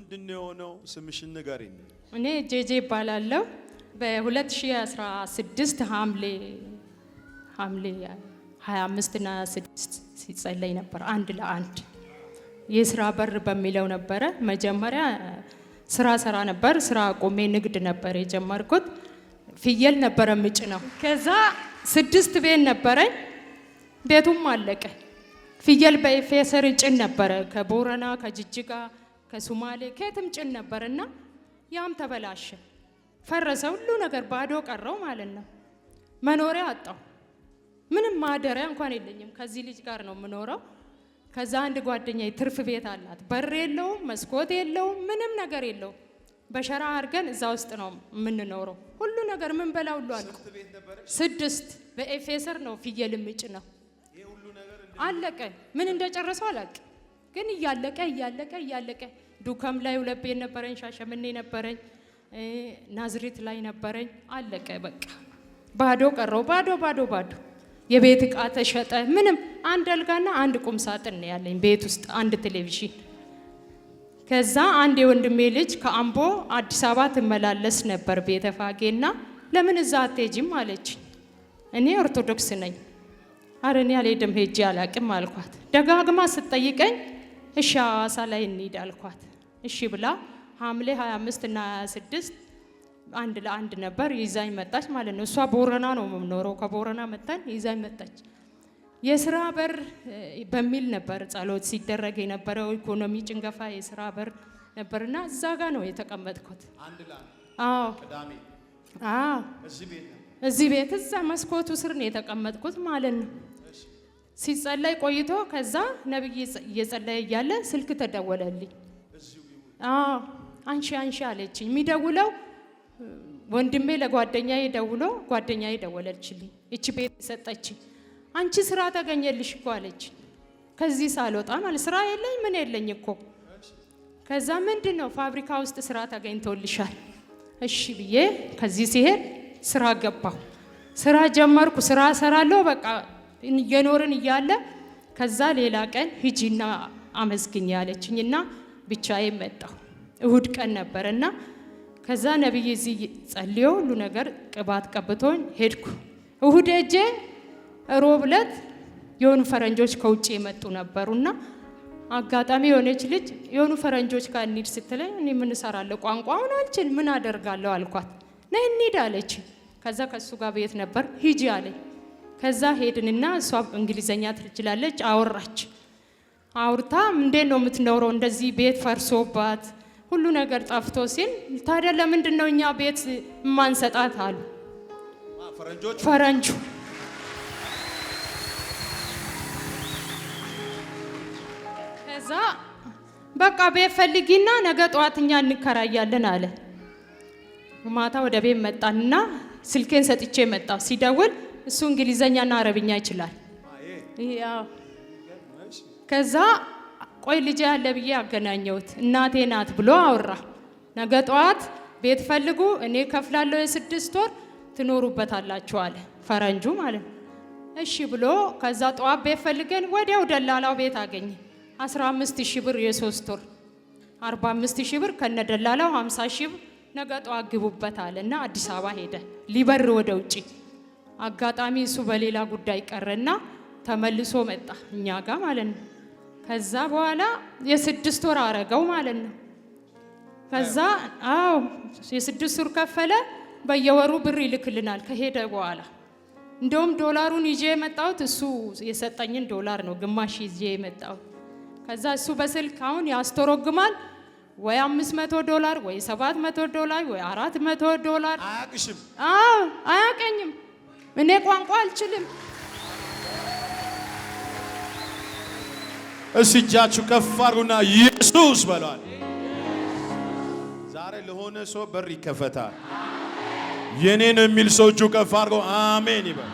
ምንድን ነው የሆነው? ስምሽን ንገሪኝ። እኔ ጄጄ እባላለሁ። በ2016 ሐምሌ ሐምሌ 25 እና 26 ሲጸለይ ነበር አንድ ለአንድ የስራ በር በሚለው ነበረ። መጀመሪያ ስራ ስራ ነበር። ስራ ቆሜ ንግድ ነበር የጀመርኩት። ፍየል ነበረ ምጭ ነው። ከዛ ስድስት ቤት ነበረኝ። ቤቱም አለቀ። ፍየል በኤፌሰር እጭን ነበረ ከቦረና ከጅጅጋ ከሱማሌ ከየትም ጭን ነበርና ያም ተበላሸ፣ ፈረሰ፣ ሁሉ ነገር ባዶ ቀረው ማለት ነው። መኖሪያ አጣው። ምንም ማደሪያ እንኳን የለኝም። ከዚህ ልጅ ጋር ነው የምኖረው። ከዛ አንድ ጓደኛ ትርፍ ቤት አላት። በር የለውም፣ መስኮት የለውም፣ ምንም ነገር የለውም። በሸራ አድርገን እዛ ውስጥ ነው የምንኖረው። ሁሉ ነገር ምን በላ ሁሉ አለ። ስድስት በኤፌሰር ነው ፍየል ምጭ ነው አለቀ። ምን እንደጨረሰው አላውቅም። ግን እያለቀ እያለቀ እያለቀ ዱከም ላይ ሁለቤ ነበረኝ፣ ሻሸምኔ ነበረኝ፣ ናዝሬት ላይ ነበረኝ። አለቀ በቃ ባዶ ቀረው። ባዶ ባዶ ባዶ። የቤት እቃ ተሸጠ። ምንም አንድ አልጋና አንድ ቁም ሳጥን ያለኝ ቤት ውስጥ አንድ ቴሌቪዥን። ከዛ አንድ የወንድሜ ልጅ ከአምቦ አዲስ አበባ ትመላለስ ነበር ቤተፋጌና ለምን እዛ አትሄጂም አለች። እኔ ኦርቶዶክስ ነኝ። አረ እኔ አልሄድም ሄጄ አላቅም አልኳት። ደጋግማ ስትጠይቀኝ እሺ ሐዋሳ ላይ እንሂድ አልኳት። እሺ ብላ ሐምሌ 25 እና 26 አንድ ለአንድ ነበር ይዛኝ መጣች ማለት ነው። እሷ ቦረና ነው የምኖረው። ከቦረና መጣን ይዛኝ መጣች። የስራ በር በሚል ነበር ጸሎት ሲደረግ የነበረው ኢኮኖሚ ጭንገፋ የስራ በር ነበርና እዛ ጋ ነው የተቀመጥኩት። እዚህ ቤት እዛ መስኮቱ ስር ነው የተቀመጥኩት ማለት ነው። ሲጸለይ ቆይቶ ከዛ ነብይ እየጸለየ እያለ ስልክ ተደወለልኝ። አንሺ አንሺ አለች የሚደውለው ወንድሜ ለጓደኛዬ ደውሎ ጓደኛዬ ደወለችልኝ። እቺ ቤት ሰጠች አንቺ ስራ ተገኘልሽ እኮ አለች። ከዚህ ሳልወጣ ማለት ስራ የለኝ ምን የለኝ እኮ። ከዛ ምንድን ነው ፋብሪካ ውስጥ ስራ ተገኝቶልሻል። እሺ ብዬ ከዚህ ሲሄድ ስራ ገባሁ። ስራ ጀመርኩ። ስራ እሰራለሁ በቃ እየኖርን እያለ ከዛ ሌላ ቀን ሂጂና አመስግኝ ያለችኝ ያለችኝና ብቻዬ መጣሁ። እሁድ ቀን ነበር ነበርና ከዛ ነቢይ እዚህ ጸልዮ ሁሉ ነገር ቅባት ቀብቶኝ ሄድኩ። እሁድ እጄ ሮብ ዕለት የሆኑ ፈረንጆች ከውጭ የመጡ ነበሩ ነበሩና አጋጣሚ የሆነች ልጅ የሆኑ ፈረንጆች ጋር እንሂድ ስትለኝ እኔ ምን እሰራለሁ ቋንቋውን አልችል ምን አደርጋለሁ አልኳት። ነይ እንሂድ አለች። ከዛ ከሱ ጋር ቤት ነበር ሂጂ አለኝ። ከዛ ሄድንና እሷ እንግሊዘኛ ትችላለች፣ አወራች። አውርታ እንዴት ነው የምትኖረው እንደዚህ ቤት ፈርሶባት ሁሉ ነገር ጠፍቶ ሲል ታዲያ ለምንድን ነው እኛ ቤት የማንሰጣት አሉ ፈረንጁ። ከዛ በቃ ቤት ፈልጊና ነገ ጠዋት እኛ እንከራያለን አለ። ማታ ወደ ቤት መጣንና ስልኬን ሰጥቼ መጣ ሲደውል እሱ እንግሊዘኛና አረብኛ ይችላል። ከዛ ቆይ ልጅ ያለ ብዬ አገናኘሁት። እናቴ ናት ብሎ አወራ። ነገ ጠዋት ቤት ፈልጉ፣ እኔ ከፍላለሁ፣ የስድስት ወር ትኖሩበታላችሁ አለ። ፈረንጁ ማለት ነው። እሺ ብሎ ከዛ ጠዋት ቤት ፈልገን ወዲያው ደላላው ቤት አገኘ። 15 ሺህ ብር የሶስት ወር 45 ሺህ ብር ከነ ደላላው 50 ሺህ ብር ነገ ጠዋት ግቡበት አለ እና አዲስ አበባ ሄደ ሊበር ወደ ውጭ አጋጣሚ እሱ በሌላ ጉዳይ ቀረና ተመልሶ መጣ እኛ ጋር ማለት ነው። ከዛ በኋላ የስድስት ወር አረገው ማለት ነው። ከዛ አዎ የስድስት ወር ከፈለ። በየወሩ ብር ይልክልናል ከሄደ በኋላ እንደውም ዶላሩን ይዤ የመጣሁት እሱ የሰጠኝን ዶላር ነው ግማሽ ይዤ የመጣሁት። ከዛ እሱ በስልክ አሁን ያስተረጉማል ወይ አምስት መቶ ዶላር ወይ ሰባት መቶ ዶላር ወይ አራት መቶ ዶላር አያቅሽም፣ አያቀኝም እኔ ቋንቋ አልችልም። እስ እጃችሁ ከፍ አርጉና ኢየሱስ በሏል። ዛሬ ለሆነ ሰው በር ይከፈታል። የኔ ነው የሚል ሰው እጁ ከፍ አርጎ አሜን ይበል።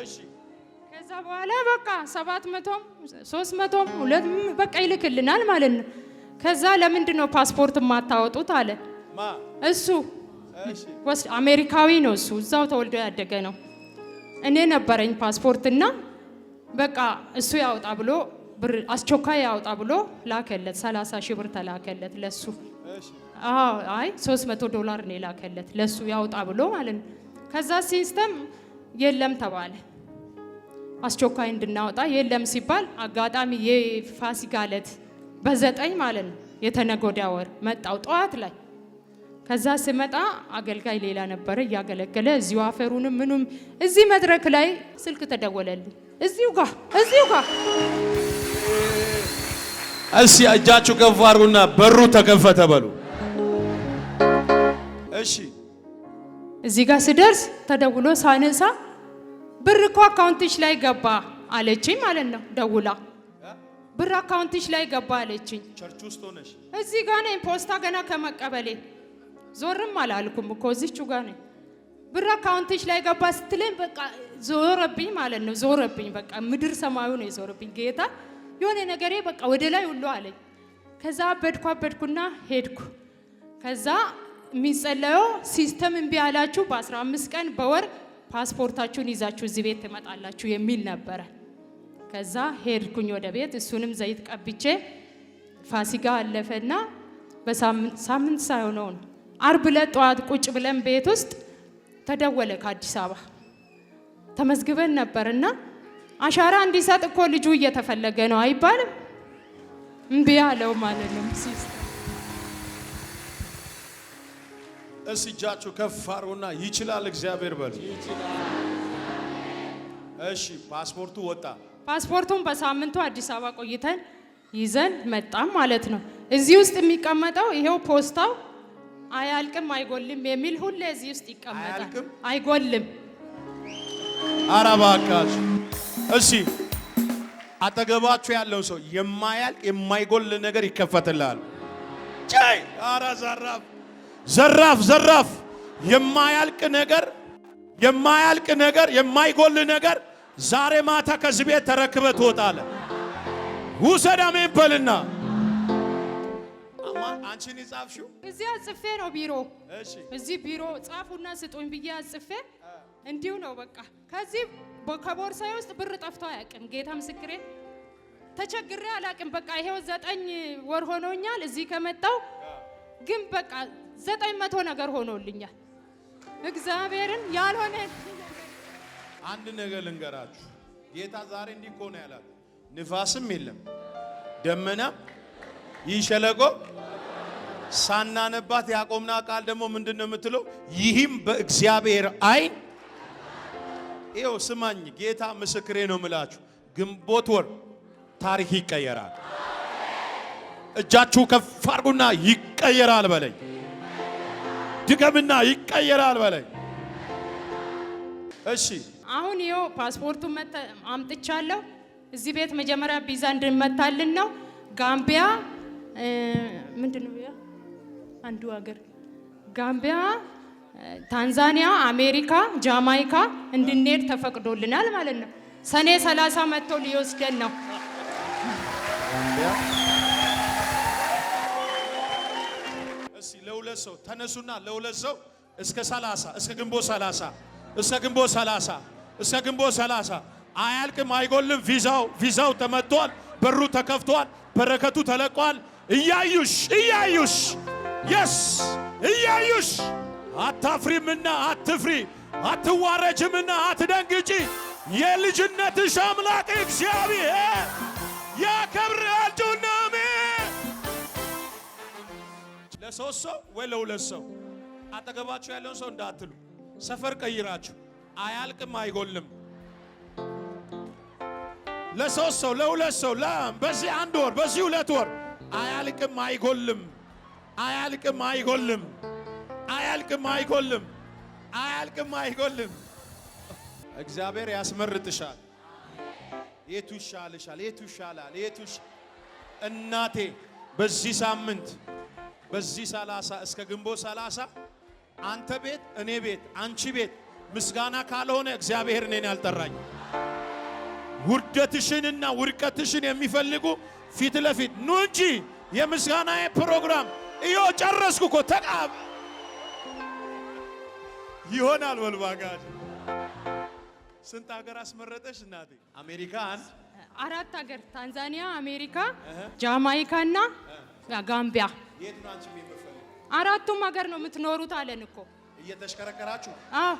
እሺ፣ ከዛ በኋላ በቃ ሰባት መቶም ሶስት መቶም ሁለት በቃ ይልክልናል ማለት ነው። ከዛ ለምንድን ነው ፓስፖርት የማታወጡት አለ እሱ ወስድ አሜሪካዊ ነው እሱ እዛው ተወልዶ ያደገ ነው። እኔ ነበረኝ ፓስፖርትና በቃ እሱ ያውጣ ብሎ ብር አስቸኳይ ያውጣ ብሎ ላከለት። 30 ሺህ ብር ተላከለት ለሱ። አዎ አይ 300 ዶላር ነው የላከለት ለሱ ያውጣ ብሎ ማለት ነው። ከዛ ሲስተም የለም ተባለ። አስቸኳይ እንድናወጣ የለም ሲባል አጋጣሚ የፋሲካ ዕለት በዘጠኝ ማለት ነው የተነጎዳ ወር መጣው ጠዋት ላይ ከዛ ስመጣ አገልጋይ ሌላ ነበረ እያገለገለ እዚሁ አፈሩንም ምኑም እዚህ መድረክ ላይ ስልክ ተደወለልኝ። እዚሁ ጋር እዚሁ ጋር እሺ፣ እጃችሁ ከፍ አድርጉና በሩ ተከፈተ በሉ። እሺ፣ እዚህ ጋር ስደርስ ተደውሎ ሳነሳ ብር እኮ አካውንትሽ ላይ ገባ አለችኝ ማለት ነው ደውላ ብር አካውንትሽ ላይ ገባ አለችኝ። ቸርች ውስጥ ሆነሽ እዚህ ጋር ነኝ ፖስታ ገና ከመቀበሌ ዞርም አላልኩም እኮ እዚህችሁ ጋር ነኝ። ብር አካውንትሽ ላይ ገባ ስትለኝ በቃ ዞረብኝ ማለት ነው። ዞረብኝ በቃ ምድር ሰማዩ ነው የዞረብኝ። ጌታ የሆነ ነገሬ በቃ ወደ ላይ ሁሉ አለኝ። ከዛ አበድኩ አበድኩና ሄድኩ። ከዛ የሚጸለየው ሲስተም እምቢ አላችሁ በ15 ቀን በወር ፓስፖርታችሁን ይዛችሁ እዚህ ቤት ትመጣላችሁ የሚል ነበረ። ከዛ ሄድኩኝ ወደ ቤት። እሱንም ዘይት ቀብቼ ፋሲካ አለፈና በሳምንት ሳይሆነው ነው አርብ ዕለት ጠዋት ቁጭ ብለን ቤት ውስጥ ተደወለ ከአዲስ አበባ ተመዝግበን ነበር እና አሻራ እንዲሰጥ እኮ ልጁ እየተፈለገ ነው አይባልም። እምቢ አለው ማለት ነው። እስ እጃችሁ ከፍ አድርጉና ይችላል እግዚአብሔር በሉ። እሺ ፓስፖርቱ ወጣ። ፓስፖርቱን በሳምንቱ አዲስ አበባ ቆይተን ይዘን መጣም ማለት ነው። እዚህ ውስጥ የሚቀመጠው ይሄው ፖስታው አያልቅም አይጎልም የሚል ሁሌ እዚህ ውስጥ ይቀመጣል። አይጎልም። ኧረ እባካችሁ እሺ፣ አጠገባችሁ ያለው ሰው የማያልቅ የማይጎል ነገር ይከፈትልሃል። ጨይ ኧረ ዘራፍ ዘራፍ ዘራፍ የማያልቅ ነገር የማያልቅ ነገር የማይጎል ነገር ዛሬ ማታ ከዚህ ቤት ተረክበህ ትወጣለህ። ውሰድ አሜን በልና አንቺን የጻፍሽው? እዚህ አጽፌ ነው ቢሮ። እሺ፣ እዚህ ቢሮ ጻፉና ስጡኝ ብዬ አጽፌ እንዲሁ ነው በቃ። ከዚህ ከቦርሳዬ ውስጥ ብር ጠፍቶ አያውቅም። ጌታ ምስክሬ ተቸግሬ አላውቅም። በቃ ይሄው ዘጠኝ ወር ሆኖኛል እዚህ ከመጣው፣ ግን በቃ ዘጠኝ መቶ ነገር ሆኖልኛል። እግዚአብሔርን ያልሆነ አንድ ነገር ልንገራችሁ። ጌታ ዛሬ እንዲህ እኮ ነው ያላት። ንፋስም የለም ደመና ይህ ሸለቆ ሳናነባት ያቆምና ቃል ደግሞ ምንድን ነው የምትለው? ይህም በእግዚአብሔር አይን ይኸው። ስማኝ ጌታ ምስክሬ ነው ምላችሁ፣ ግንቦት ወር ታሪክ ይቀየራል። እጃችሁ ከፍ አርጉና ይቀየራል በለኝ። ድገምና ይቀየራል በለኝ። እሺ አሁን ይኸው ፓስፖርቱን አምጥቻለሁ። እዚህ ቤት መጀመሪያ ቪዛ እንድንመታልን ነው። ጋምቢያ ምንድን ነው አንዱ ሀገር ጋምቢያ፣ ታንዛኒያ፣ አሜሪካ፣ ጃማይካ እንድንሄድ ተፈቅዶልናል ማለት ነው። ሰኔ ሰላሳ መጥቶ ሊወስደን ነው። እስኪ ለሁለት ሰው ተነሱና ለሁለት ሰው እስከ 30 እስከ ግንቦ 30 እስከ ግንቦ 30 እስከ ግንቦ 30 አያልቅም፣ አይጎልም። ቪዛው ቪዛው ተመቷል። በሩ ተከፍቷል። በረከቱ ተለቋል። እያዩሽ እያዩሽ የስ እያዩሽ አታፍሪምና አትፍሪ፣ አትዋረጅምና አትደንግጪ። የልጅነትሽ አምላክ እግዚአብሔር ያከብርሃል። ጩና ለሶስት ሰው ወይ ለሁለት ሰው አጠገባችሁ ያለውን ሰው እንዳትሉ። ሰፈር ቀይራችሁ አያልቅም፣ አይጎልም። ለሶስት ሰው፣ ለሁለት ሰው፣ በዚህ አንድ ወር፣ በዚህ ሁለት ወር አያልቅም፣ አይጎልም። አያልቅም አይጎልም። አያልቅም አይጎልም። አያልቅም አይጎልም። እግዚአብሔር ያስመርጥሻል። የቱ ይሻልሻል? የቱ ይሻላል? የቱ እናቴ በዚህ ሳምንት በዚህ 30 እስከ ግንቦት 30 አንተ ቤት፣ እኔ ቤት፣ አንቺ ቤት ምስጋና ካልሆነ እግዚአብሔር እኔን ያልጠራኝ። ውርደትሽንና ውድቀትሽን የሚፈልጉ ፊት ለፊት ኑ እንጂ የምስጋናዬ ፕሮግራም እዮ ጨረስኩ እኮ ተቃብ ይሆናል ወልባ ስንት ሀገር አስመረጠሽ እናቴ? አሜሪካን አራት ሀገር ታንዛኒያ፣ አሜሪካ፣ ጃማይካ እና ጋምቢያ። የት ነው አንቺ አራቱም ሀገር ነው የምትኖሩት አለን እኮ እየተሽከረከራችሁ። አዎ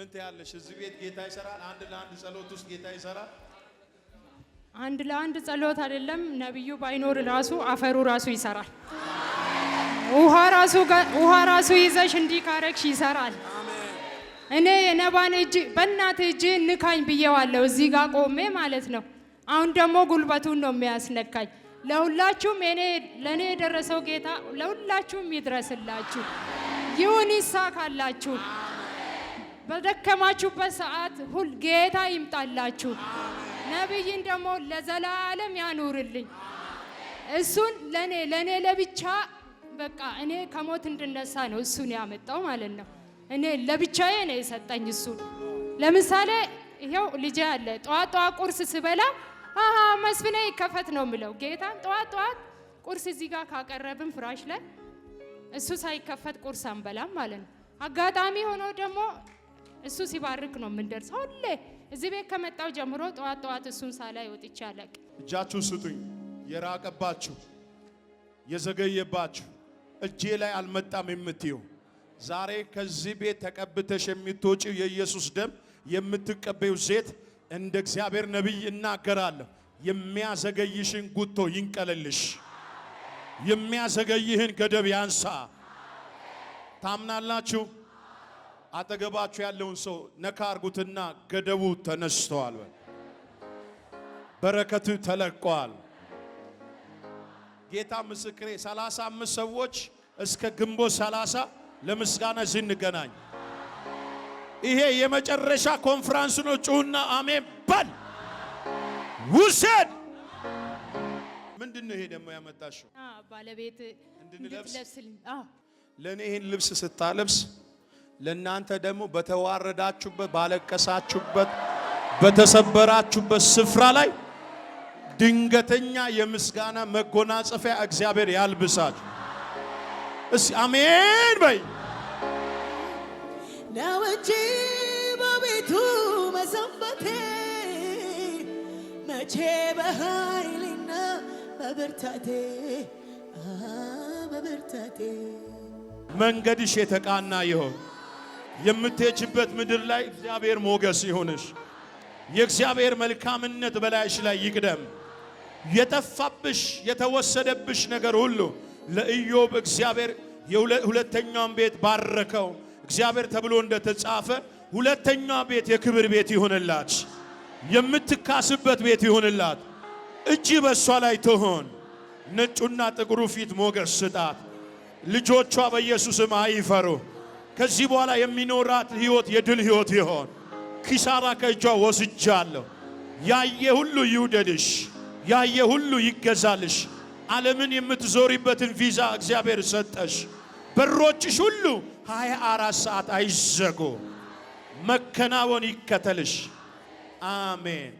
ምን ትያለሽ? እዚህ ቤት ጌታ ይሰራል። አንድ ለአንድ ጸሎት ውስጥ ጌታ ይሰራል። አንድ ለአንድ ጸሎት አይደለም። ነብዩ ባይኖር ራሱ አፈሩ ራሱ ይሰራል። ውሃ ራሱ ይዘሽ እንዲህ ካረግሽ ይሰራል። እኔ የነባን እጅ በእናት እጅ ንካኝ ብዬዋለሁ፣ እዚህ ጋር ቆሜ ማለት ነው። አሁን ደግሞ ጉልበቱን ነው የሚያስነካኝ። ለሁላችሁም ለእኔ የደረሰው ጌታ ለሁላችሁም ይድረስላችሁ፣ ይሁን፣ ይሳካላችሁ። በደከማችሁበት ሰዓት ሁል ጌታ ይምጣላችሁ። ነብይን ደግሞ ለዘላለም ያኖርልኝ። እሱን ለኔ ለኔ ለብቻ በቃ እኔ ከሞት እንድነሳ ነው እሱን ያመጣው ማለት ነው። እኔ ለብቻዬ ነው የሰጠኝ እሱን። ለምሳሌ ይሄው ልጄ አለ ጠዋት ጠዋት ቁርስ ስበላ አሀ መስፍኔ ይከፈት ነው የምለው ጌታን። ጠዋት ጠዋት ቁርስ እዚህ ጋር ካቀረብን ፍራሽ ላይ እሱ ሳይከፈት ቁርስ አንበላም ማለት ነው። አጋጣሚ ሆኖ ደግሞ እሱ ሲባርክ ነው የምንደርሰው ሁሌ እዚህ ቤት ከመጣው ጀምሮ ጠዋት ጠዋት እሱን ሳላይ ወጥቼ አላቅም። እጃችሁ ስጡኝ። የራቀባችሁ የዘገየባችሁ እጄ ላይ አልመጣም የምትዩ ዛሬ ከዚህ ቤት ተቀብተሽ የምትወጪው የኢየሱስ ደም የምትቀበዩ ሴት እንደ እግዚአብሔር ነቢይ እናገራለሁ። የሚያዘገይሽን ጉቶ ይንቀለልሽ። የሚያዘገይህን ገደብ ያንሳ። ታምናላችሁ? አጠገባችሁ ያለውን ሰው ነካ አርጉትና ገደቡ ተነስተዋል፣ በረከቱ ተለቀዋል። ጌታ ምስክሬ፣ 35 ሰዎች እስከ ግንቦት 30 ለምስጋና እዚህ እንገናኝ። ይሄ የመጨረሻ ኮንፈረንስ ነው። ጩሁና አሜን በል። ውሰድ ምንድን ነው ይሄ ደግሞ ያመጣሽው? ባለቤት እንድንለብስ ለእኔ ይህን ልብስ ስታለብስ ለእናንተ ደግሞ በተዋረዳችሁበት፣ ባለቀሳችሁበት፣ በተሰበራችሁበት ስፍራ ላይ ድንገተኛ የምስጋና መጎናጸፊያ እግዚአብሔር ያልብሳችሁ። እስ አሜን በይ ነው እንጂ በቤቱ መዘመቴ መቼ በኃይልና በብርታቴ በብርታቴ መንገድሽ የተቃና ይሆን። የምትሄጅበት ምድር ላይ እግዚአብሔር ሞገስ ይሁንሽ። የእግዚአብሔር መልካምነት በላይሽ ላይ ይቅደም። የጠፋብሽ የተወሰደብሽ ነገር ሁሉ ለኢዮብ እግዚአብሔር የሁለተኛውን ቤት ባረከው። እግዚአብሔር ተብሎ እንደተጻፈ ሁለተኛ ቤት የክብር ቤት ይሁንላት። የምትካስበት ቤት ይሁንላት። እጅ በእሷ ላይ ትሆን። ነጩና ጥቁሩ ፊት ሞገስ ስጣት። ልጆቿ በኢየሱስም አይፈሩ። ከዚህ በኋላ የሚኖራት ህይወት የድል ህይወት ይሆን። ኪሳራ ከእጇ ወስጃለሁ። ያየ ሁሉ ይውደድሽ፣ ያየ ሁሉ ይገዛልሽ። ዓለምን የምትዞሪበትን ቪዛ እግዚአብሔር ሰጠሽ። በሮችሽ ሁሉ 24 ሰዓት አይዘጉ። መከናወን ይከተልሽ። አሜን።